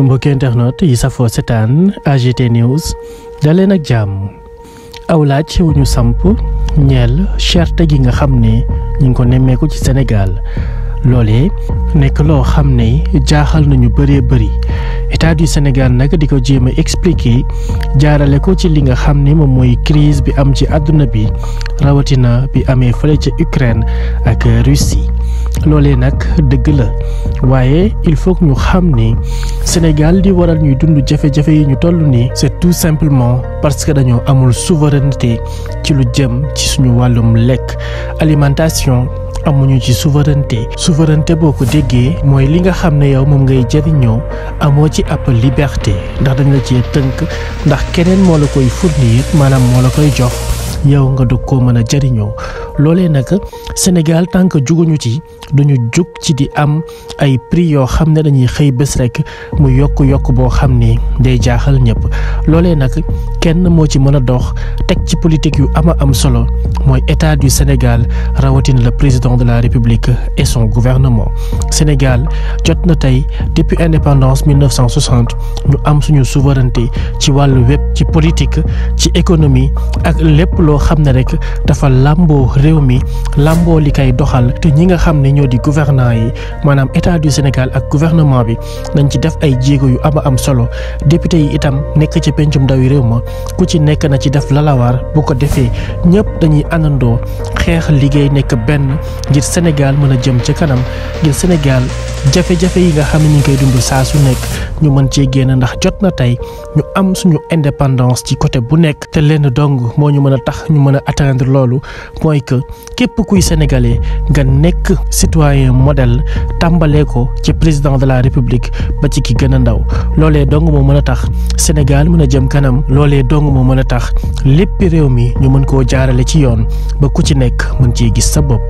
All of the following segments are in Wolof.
mbokki internet yi safoo setaan AGT news daleen ak jàmm aw laaj ñu samp ñeel cherte gi nga xam ne ñu ngi ko nemmeeku ci Sénégal loolee nekk loo xam ne jaaxal nañu bëree bëri état du Sénégal nag di ko jéem a expliquer jaarale ko ci li nga xam ne moom mooy crise bi am ci àdduna bi rawatina bi amee fële ca Ukraine ak Russie. loolee nag dëgg la waaye il faut ñu xam ni Sénégal di waral ñuy dund jafe-jafe yi ñu toll nii c'est tout simplement parce que dañoo amul souveraineté ci lu jëm ci suñu wàllum lekk alimentation amuñu ci souveraineté souveraineté boo ko déggee mooy li nga xam ne yow moom ngay jëriñoo amoo ci ab liberté ndax dañ la cee tënk ndax keneen moo la koy fournir maanaam moo la koy jox yow nga dog ko mën a jëriñoo loolee nag Sénégal tant que juguñu ci duñu jug ci di am ay prix yoo xam ne dañuy xëy bés rek mu yokk yokk boo xam ni day jaaxal ñëpp loole nag kenn moo ci mën a dox teg ci politique yu ama am solo mooy état du Sénégal rawatina le président de la République et son gouvernement Sénégal jot na tey depuis indépendance 1960 ñu am suñu souveraineté ci wàllu web ci politique ci économie ak lépp loo xam ne rek dafa làmboo réew mi làmboo li kay doxal te ñi nga xam ne ñoo di gouvernant yi maanaam état du Sénégal ak guvernement bi nañ ci def ay jéego yu ama am solo député yi itam nekk ci pencum ndawi réew ma ku ci nekk na ci def lalawaar bu ko defee ñëpp dañuy àndandoo xeex liggéey nekk benn ngir Sénégal mën a jëm ca kanam ngir Sénégal jafe-jafe yi nga xam ne ñu koy dund saa su nekk ñu mën cee génn ndax jot na tey ñu am suñu indépendance ci côté ñu mën a atteindre loolu mooy que képp kuy sénégalais nga nekk citoyen modèle tàmbalee ko ci président de la république ba ci ki gën a ndaw loolee dong moo mën a tax Sénégal mën a jëm kanam loolee dong moo mën a tax lépp réew mi ñu mën koo jaarale ci yoon ba ku ci nekk mën ciy gis sa bopp.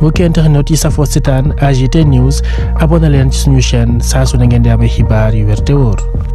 mbokki internet yi safoo sitaan AGT news abonné leen ci suñu chaine saa su ne ngeen di amee xibaar yu wér te wóor.